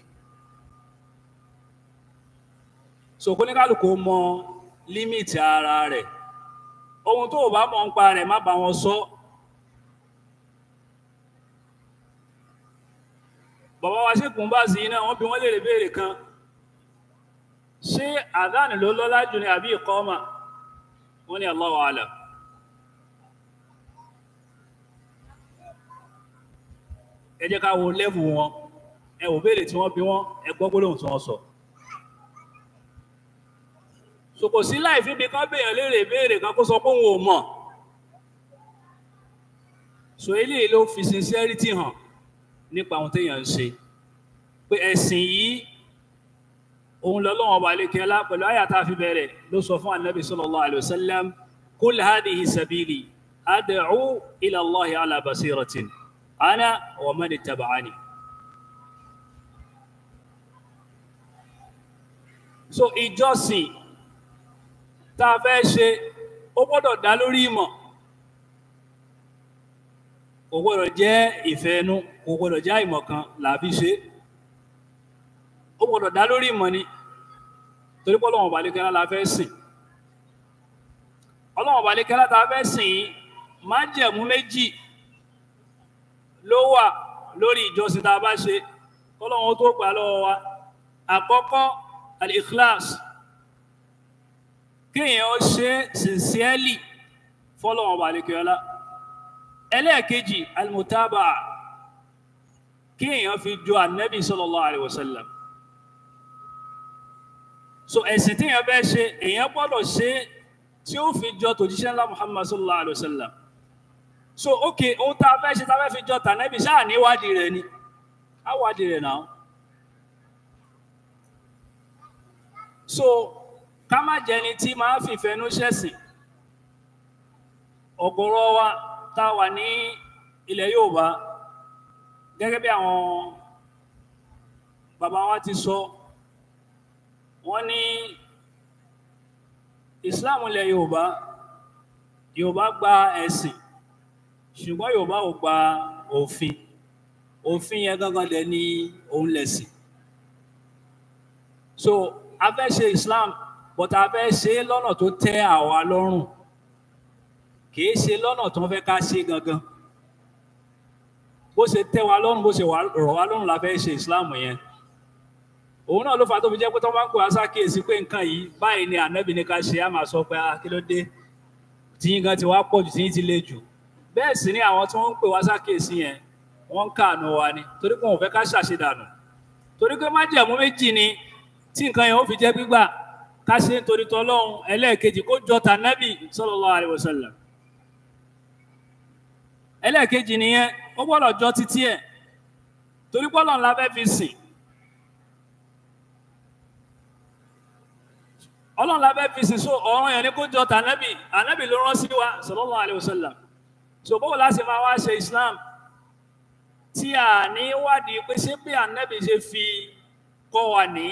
so kóníkálukú mọ límìtì ara rẹ̀ ohun tó o bá mọ̀ ń pa rẹ̀ má bá wọn sọ. So, bàbá wa ṣe kùn bá sí iná wọ́n bi wọ́n lè béèrè kan ṣé àdánì ló lọ́lá jù ní àbí ìkọ́mà wọ́n ní Allahu alam ẹ jẹ́ ká wo lẹ́bù wọn ẹ wò béèrè tí wọ́n bi wọ́n ẹ gbọ́ gbólóhùn tí wọ́n sọ so sí láì bí kan béèyàn léèrè béèrè kan kó sọ pé òun ò mọ̀ so eléyìí ló fi sincerity hàn nípa ohun téèyàn ń ṣe pé ẹ̀sìn yìí òun lọ́lọ́wọ́n ọba alékẹ́lá pẹ̀lú àyà tá a fi bẹ̀rẹ̀ ló sọ fún anabi sallallahu alayhi wa sallam kul hadihi sabili ad'u ila ana wa man so ìjọsìn tá a fẹ́ ṣe ó gbọ́dọ̀ dá lórí ìmọ̀ kò gbọ́dọ̀ jẹ́ ìfẹ́ ẹnu kò gbọ́dọ̀ jẹ́ àìmọ̀ kan làbí ṣe ó gbọ́dọ̀ dá lórí ìmọ̀ ni torí pé ọlọ́wọ̀n balẹ̀kẹ́lá la fẹ́ sìn ọlọ́wọ̀n balẹ̀kẹ́lá ta fẹ́ sìn májẹ̀mú méjì ló wà lórí ìjọsìn tá a bá ṣe kọ́lọ́wọ́n tó gbà lọ́wọ́ wa àkọ́kọ́ al-ikhlas kéèyàn ó ṣe sincerely fọ́lọ́wọ̀n balẹ̀kẹ́lá ẹlẹ́ẹ̀kejì almutaba kí èèyàn fi jọ anabi sallallahu alayhi wa sallam so ẹ̀sìn tí èèyàn bẹ́ẹ̀ ṣe èèyàn gbọ́dọ̀ ṣe tí ó fi jọ tòjíṣẹ́ ńlá muhammad sallallahu alayhi wa so ok ohun tá a fẹ́ ṣe tá a fẹ́ fi jọ tànẹ́bì ṣáà níwádìí rẹ̀ ni àwádìí rẹ̀ náà so ká má jẹni tí máa fìfẹ́nu ṣẹ̀sìn ọ̀gọ̀rọ̀ wa tá a wà ní ilẹ̀ Yorùbá gẹ́gẹ́ bí àwọn bàbá wa ti sọ wọ́n ní Islam ilẹ̀ Yorùbá Yorùbá gba ẹ̀sìn ṣùgbọ́n Yorùbá ò gba òfin òfin yẹn gangan dẹ̀ ní òun lẹ̀sìn so a fẹ́ ṣe Islam but a fẹ́ ṣe lọ́nà tó tẹ́ àwa lọ́rùn kì í ṣe lọ́nà tó ń fẹ́ ká ṣe gangan bó ṣe tẹ́ wa lọ́rùn bó ṣe rọ̀ wá lọ́rùn la fẹ́ ṣe islam yẹn òun náà ló fà tó fi jẹ́ pé tó bá ń pè wá sákèésí pé nǹkan yìí báyìí ni ànábì ní ká ṣe á máa sọ pé ah, kí ló dé tíyín gan ti wá pọ̀ jù tíyín ti le jù bẹ́ẹ̀ sì ni àwọn tí wọ́n ń pè wá sákèésí yẹn wọ́n ń káàánú wa ni torí pé wọn ò fẹ́ ká ṣàṣedànù torí pé májẹ̀mú méjì ni tí nǹkan yẹn ó fi jẹ́ gbígbà ká ṣe nítorí tọ́lọ́hun ẹlẹ́ẹ̀kejì kó jọ tànábì sallallahu alaihi ẹlẹ́ẹ̀kejì nìyẹn ó gbọ́dọ̀ jọ títí ẹ̀ torí pọ́lọ̀ ńlá fẹ́ fi sìn ọlọ́run lábẹ́ fi sìn so ọ̀run yẹn ni kó jọ tànẹ́bì ànẹ́bì ló rán sí wa sallallahu alaihi wasallam so báwo la ṣe máa wá ṣe Islam tí a ní wádìí pé ṣé bí ànẹ́bì ṣe fi kọ́ wa ní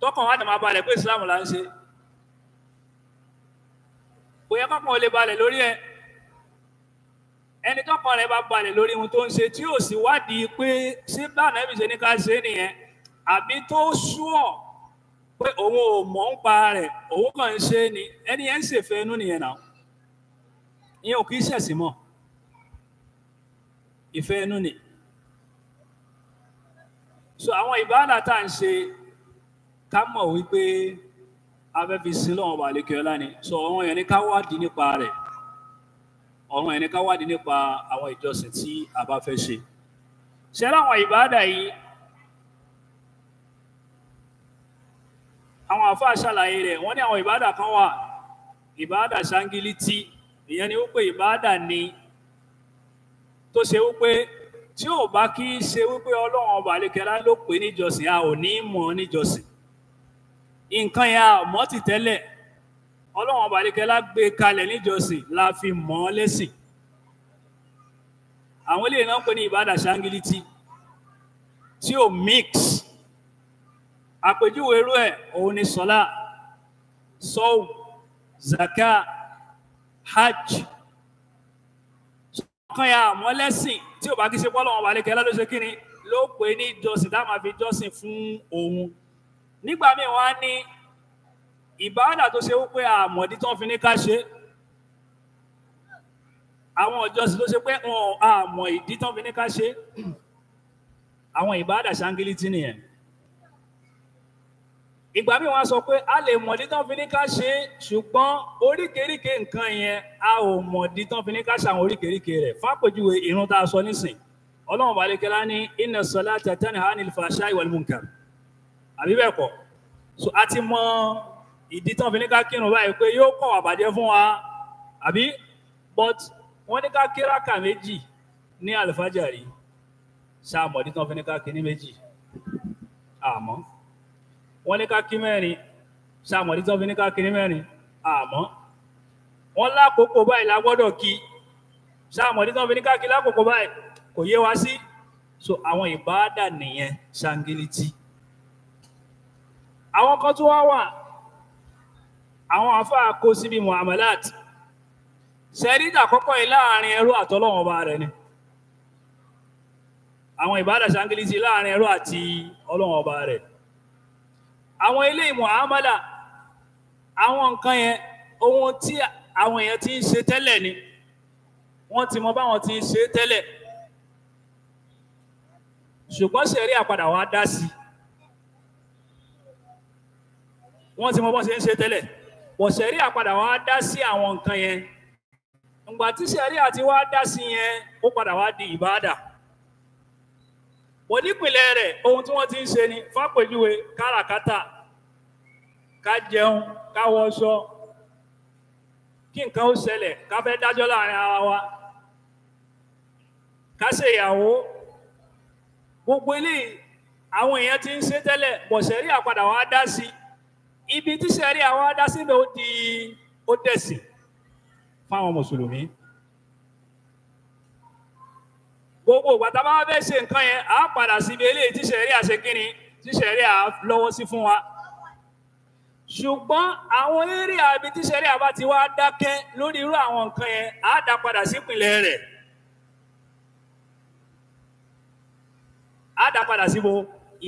tọkàn wádìí máa balẹ̀ pé Islam là ń ṣe kò yẹ kọ́kàn ó lè balẹ̀ lórí ẹ̀ ẹni tọ́kàn rẹ̀ bá balẹ̀ lórí ohun tó ń ṣe tí ò sì wádìí pé ṣé báwọn ẹbí ṣe ní ká ṣe nìyẹn àbí tó ṣúọ̀ pé òun ò mọ̀ ń pa rẹ̀ òun kàn ń ṣe ni ẹni yẹn ń ṣèfẹ́ inú nìyẹn náà ìyẹn ò kì í ṣẹ̀sìn mọ́ ìfẹ́ inú ni so àwọn ìbáàdà tá à ń ṣe ká mọ̀ wípé afẹ́fisí lọ́wọ́ balẹ̀ kí ni so àwọn yẹn ní ká wádìí nípa rẹ̀ ọ̀ràn ẹni ká wádìí nípa àwọn ìjọsìn tí a bá fẹ́ ṣe ṣe láwọn ìbáàdà yìí àwọn àfáà ṣàlàyé rẹ̀ wọ́n ní àwọn ìbáàdà kan wà ìbáàdà ṣangilítì ìyẹn ni wípé ìbáàdà ni tó ṣe wípé tí ò bá kí í ṣe wípé ọlọ́run ọba àlekẹ́lá ló pè níjọsìn a ò ní mọ̀ níjọsìn nǹkan yẹn a mọ̀ ti tẹ́lẹ̀ ọlọ́run ọba àdékẹ́lá gbé kalẹ̀ níjọsìn la fi mọ̀ ọ́ lẹ́sìn àwọn eléyìí náà ń pè ní ìbádà ṣáńgìlìtì tí ò mix àpèjúwe irú ẹ̀ òun ni sọlá sọ́ọ̀ zaka hajj kan ya àmọ́ lẹ́sìn tí ò bá kí ṣe pọ́ lọ́wọ́ balẹ̀kẹ́ lọ́dún ṣe kí ni ló pè ní ìjọsìn tá a máa fi jọ́sìn fún òun nígbà míì wọ́n á ní ìbáàdà tó ṣe wípé àmọ̀dí tó ń fi ní ká ṣe àwọn ọjọ́sìn tó ṣe pé wọn àmọ̀ ìdí tó ń fi ní ká ṣe àwọn ìbáàdà ṣáńgílítì nìyẹn ìgbà míì wọn sọ pé a lè mọ̀dí tán fi ní ká ṣe ṣùgbọ́n oríkèéríkè nǹkan yẹn a ò mọ̀dí tán fi ní ká ṣe àwọn oríkèéríkè rẹ̀ fápèjúwe irun tá a sọ nísìn ọlọ́run balẹ̀kẹ́lá ní inna salata tanha anil fahsha'i wal munkar àbí bẹ́ẹ̀ kọ́ so a ti mọ ìdí tán fi ní ká kírun báyìí pé yóò kọ̀ àbàjẹ́ fún wa àbí but wọ́n ní ká kíráka méjì ní àlùfájàrí sáàmù ìdí tán fi ní ká kí ní méjì àmọ́ wọ́n ní ká kí mẹ́rin sáàmù ìdí tán fi ní ká kí ní mẹ́rin àmọ́ wọ́n lákòókò báyìí la gbọ́dọ̀ kí sáàmù ìdí tán fi ní ká kí lákòókò báyìí kò yé wa sí so àwọn ìbáàdà nìyẹn ṣangilítì àwọn kan tó wá wà àwọn àfáà kó síbi muamalat sẹ́rídà kọ́kọ́ yìí láàrin ẹrú àtọ́lọ́wọ́n ọba rẹ̀ ni àwọn ìbádà ṣangilisi láàrin ẹrú àti ọlọ́wọ́n ọba rẹ̀ àwọn ilé muamala àwọn nǹkan yẹn ohun tí àwọn èèyàn ti ń ṣe tẹ́lẹ̀ ni wọ́n ti mọ báwọn ti ń ṣe tẹ́lẹ̀ ṣùgbọ́n sẹ̀rí àpadà wa dá sí wọ́n ti mọ bọ́n ṣe ń ṣe tẹ́lẹ̀ bọ̀ sẹ́rí àpadà wá dá sí àwọn nǹkan yẹn ǹgbà tí sẹ́rí àti wá dá sí yẹn ó padà wá di ìbáàdà wọ́n nípìnlẹ̀ rẹ̀ ohun tí wọ́n ti ń ṣe ni fápèjúwe káràkátà ká jẹun ká wọṣọ kí nǹkan ó ṣẹlẹ̀ ká fẹ́ dájọ́ láàrin ara wa ká ṣe ìyàwó gbogbo eléyìí àwọn èèyàn ti ń ṣe tẹ́lẹ̀ bọ̀sẹ̀rí àpadà wá dá sí i ibi tí sẹ́rí àwọn adásílẹ̀ ó di ó dẹ̀sìn fáwọn mùsùlùmí gbogbo ìgbàtà bá fẹ́ ṣe nǹkan yẹn á padà síbi eléyìí tí sẹ́rí àṣekínni tí sẹ́rí à lọ́wọ́ sí fún wa ṣùgbọ́n àwọn eré àbí tí sẹ́rí àbá ti wá dákẹ́ lórí irú àwọn nǹkan yẹn á dá padà sípìnlẹ̀ rẹ̀ á dá padà síbo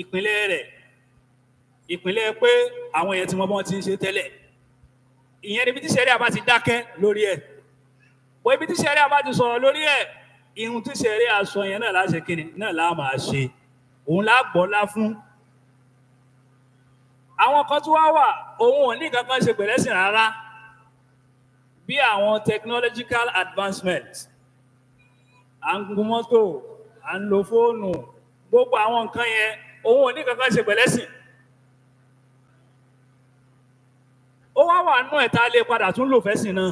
ìpínlẹ̀ rẹ̀ ìpínlẹ̀ pé àwọn èèyàn tí wọ́n bọ́n ti ń ṣe tẹ́lẹ̀ ìyẹn níbi tí sẹ́rí àbá ti dákẹ́ lórí ẹ̀ wọ́n ibi tí sẹ́rí àbá ti sọ̀rọ̀ lórí ẹ̀ ihun tí sẹ́rí àsọ yẹn náà láṣẹ kíni náà láà máa ṣe òun láà gbọ́lá fún àwọn kan tí wọ́n wà òun ò ní kankan ṣe pẹ̀lẹ́sìn rárá bí àwọn technological advancement à ń gun mọ́tò à ń lo fóònù gbogbo àwọn nǹkan yẹn òun ò ní kankan ṣe pẹ̀lẹ́sìn ó wá wà nú ẹ̀ tá a lè padà tún lò fẹ́sìn náà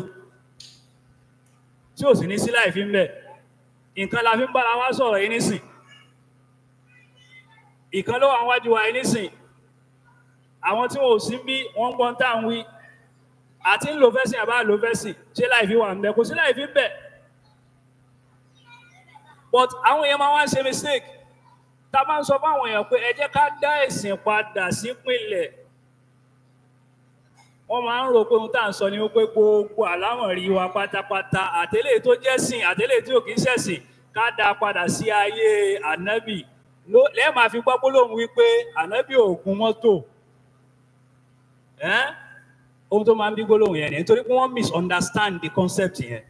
tí ò sì ní sí láì fi ń bẹ̀ nǹkan la fi ń bára wa sọ̀rọ̀ yìí nísìn ìkan ló wà wájú wa yìí nísìn àwọn tí wọn ò sí bí wọn ń gbọ́n tá à ń wí àti ń lò fẹ́sìn àbá lò fẹ́sìn ṣé láì fi wà ń bẹ̀ kò sí láì fi ń bẹ̀ but àwọn èèyàn máa wá ń ṣe mistake tá a bá ń sọ fún àwọn èèyàn pé ẹ jẹ́ ká dá ẹ̀sìn padà sípìnlẹ̀. Si wọ́n máa ń rò pé ohun tá à ń sọ ni wípé gbogbo àlámọ̀rí wa pátápátá àtẹ́lẹ̀ tó jẹ́sìn àtẹ́lẹ̀ tí ò kì í ṣẹ̀sìn ká dáa padà sí ayé ànábì lẹ́ẹ̀ máa fi gbọ́ gbólóhùn wípé ànábì ò mọ́tò ohun tó máa ń bí gbólóhùn yẹn nítorí pé wọ́n misunderstand the concept yẹn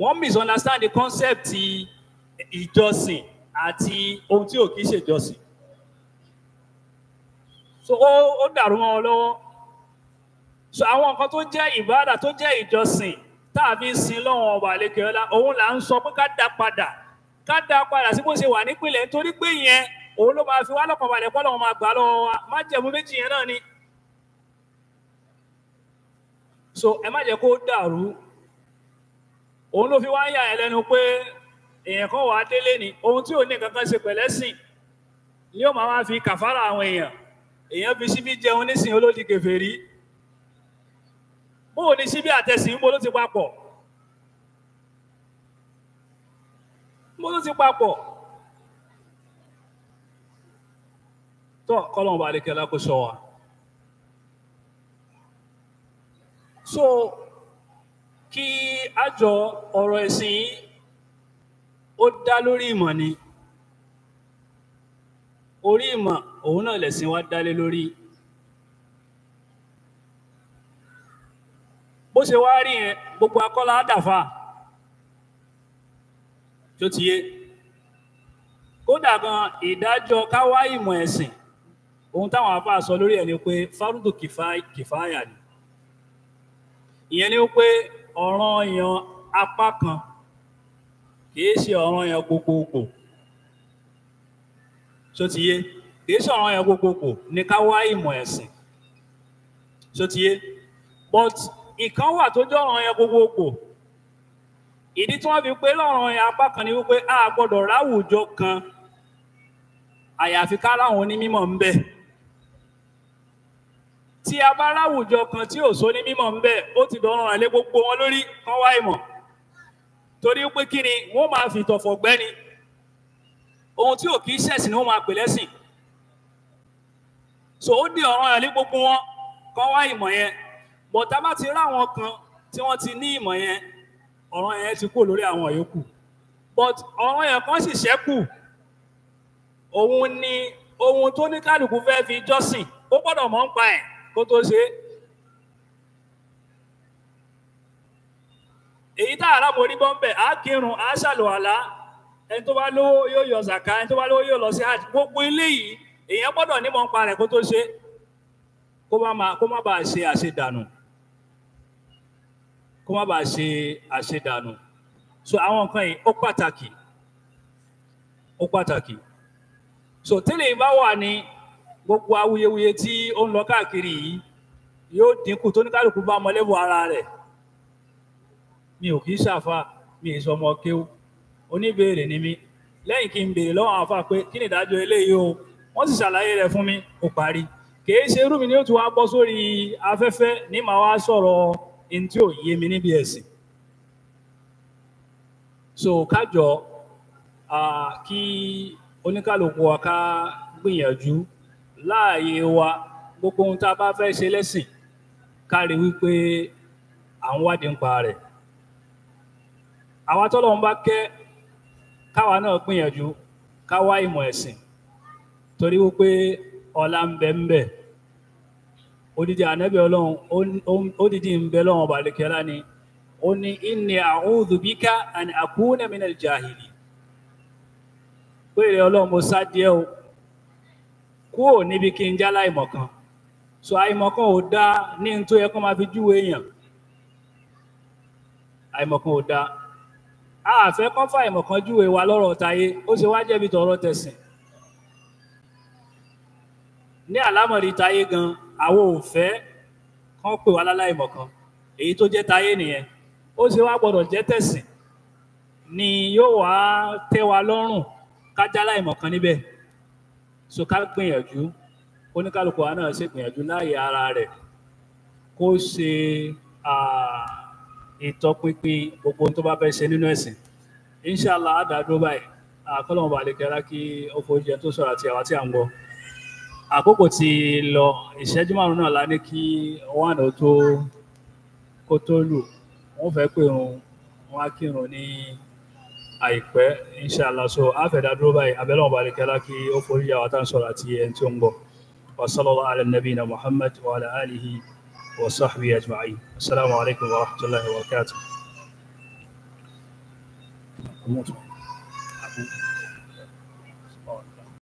wọ́n misunderstand the concept ìjọsìn àti ohun tí ò kì í ṣèjọsìn so ó ó dàrú wọn lọ́wọ́ so àwọn nǹkan tó jẹ́ ìbáàdà tó jẹ́ ìjọsìn tá a fi ń sin lọ́wọ́n ọba àlekè ọlá òun là ń sọ pé ká dá padà ká dá padà sí bó ṣe wà nípìnlẹ̀ nítorí pé yẹn òun ló máa fi wá lọ́kàn balẹ̀ kọ́ lọ́wọ́ máa gbà lọ́wọ́ wa má jẹ̀mú méjì yẹn náà ni so ẹ má jẹ́ kó dàrú òun ló fi wá ń yà ẹ lẹ́nu pé èèyàn kan wà á délé ni ohun tí ò ní nǹkan kan ṣe pẹ̀lẹ́sìn ni yóò máa wá fi kàfárà àwọn èèyàn èèyàn fi síbí jẹun nísìnyí olódi kèfèrí bóò ní síbí àtẹ̀sìn ń bo ló ti papọ̀ ń bo ló ti papọ̀ tó kọ́lọ́mù bá lékè lákò sọ wa so kí àjọ ọ̀rọ̀ ẹ̀sìn yìí ó dá lórí ìmọ̀ ni orí ìmọ̀ òun náà lẹ̀sìn wa dálé lórí bó ṣe wá rí yẹn gbogbo akọ́lá dàfà tó ti yé kódà gan ìdájọ́ káwá ìmọ̀ ẹ̀sìn ohun táwọn afá sọ lórí ẹ̀ ni pé fárúdù kìfáyà ni ìyẹn ni pé ọ̀ràn èèyàn apá kan kìí ṣe ọ̀ràn èèyàn gbogbogbò tó ti yé. So kì í ṣọ̀rọ̀ yẹn gbogbogbò ní ká wá ìmọ̀ ẹ̀sìn sotiye but ìkan wà tó jẹ́ ọ̀ràn yẹn gbogbogbò ìdí tí wọ́n fi pé lọ́ràn yẹn apá kan ni wípé a gbọ́dọ̀ ráwùjọ kan àyàfi ká láwọn onímọ̀ ń bẹ tí a bá ráwùjọ kan tí ò sóní mímọ̀ ń bẹ ó ti dọ̀ràn àlẹ́ gbogbo wọn lórí kán wá ìmọ̀ torí pé kí ni wọ́n máa fi tọ̀fọ̀ gbẹ́ni ohun tí ò kì ṣẹ̀sìn ni wọ́n máa pè lẹ́sìn so ó di ọ̀ràn yẹn ní gbogbo wọn kán wá ìmọ̀ yẹn bọ̀tá bá ti ráwọn kan tí wọ́n ti ní ìmọ̀ yẹn ọ̀ràn yẹn ti kú lórí àwọn yòókù but ọ̀ràn yẹn kan sì ṣẹ́kù òun ni ohun tó ní kálukú fẹ́ fi jọ́sìn ó gbọ́dọ̀ mọ̀ ń pa ẹ̀ kó tó ṣe é. èyí tá àrà mo rí bọ́m̀bẹ̀ á kírun á ṣàlùwàlá ẹni tó bá lówó yóò yọ zàká ẹni tó bá lówó yóò lọ sí hajj gbogbo eléyìí èèyàn gbọ́dọ̀ nímọ̀ ń pa rẹ̀ kó tó ṣe kó má bàa ṣe àṣedànù kó má bàa ṣe àṣedànù so àwọn nǹkan yìí ó pàtàkì ó pàtàkì so tẹ́lẹ̀ bá wà ní gbogbo awuyewuye tí ó ń lọ káàkiri yìí yóò dínkù tó ní kálukú bá mọlẹ́bù ara rẹ̀ mi ò kì í ṣàfà mi ì sọmọ kéwú oníbèrè ni mi lẹ́yìn kí n béèrè lọ́wọ́ àwọn afa pé kí ni ìdájọ́ eléyìí o. wọ́n sì ṣàlàyé rẹ̀ fún mi mo parí kìí ṣe irú mi ni ó ti wá bọ́ sórí afẹ́fẹ́ ní màá wá sọ̀rọ̀ ẹni tí ò yé mi níbi ẹ̀sìn so kájọ kí oníkàlùkù wa gbìyànjú láàyè wa gbogbo ohun tá a bá fẹ́ ṣe lẹ́sìn kárí wípé à ń wádìí nípa rẹ̀ àwa tọ́lọ́run bá kẹ́ torí wípé ọlá ń bẹ ń bẹ odidi anabi Ọlọ́run odidi ń bẹ lọ́wọ́ balikẹla ni ó ní inni a'udhu bika an akuna minal jahili péré Ọlọ́run mo sá díẹ̀ o kúrò níbi kí n jálá ìmọ̀kan so àìmọ̀kan ò dáa ní n tó yẹ kó máa fi júwe èèyàn àìmọ̀kan ò dáa a fẹ́ júwe wa lọ́rọ̀ táyé ó ṣe wá jẹ́bi tọ̀rọ̀ tẹ̀sìn ní àlámọ̀rí táyé gan àwọn ò fẹ́ kán pè wá láláìmọ̀kan èyí tó jẹ́ táyé nìyẹn ó sì wá gbọ́dọ̀ jẹ́ tẹ̀sìn ni yóò wá tẹ́ wa lọ́rùn kájá láìmọ̀kan níbẹ̀ so ká gbìyànjú oníkálukú wa náà ṣe gbìyànjú láàyè ara rẹ̀ kó ṣe ìtọpinpin gbogbo ohun tó bá fẹ́ ṣe nínú ẹ̀sìn inshallah àdàdúró báyìí àkọlọ́mọba àlekẹ́ra kí ó fojú ẹ tó sọ̀rọ̀ àti àwa tí à ń gbọ́ àkókò ti lọ ìṣẹ́jú márùn-ún náà la ní kí wọ́n àná tó kó tó lù wọ́n fẹ́ pé òun wọ́n á kírun ní àìpẹ́ inṣàlá so àfẹ̀dá dúró báyìí abẹ́lẹ́ ọ̀bà àlekẹ́lá kí ó forí yà wá tá sọ̀rọ̀ àti ẹni tí ó ń bọ̀ wa sallallahu ala nabiyina muhammad wa ala alihi wa sahbihi ajma'in assalamu alaikum wa rahmatullahi wa barakatuh.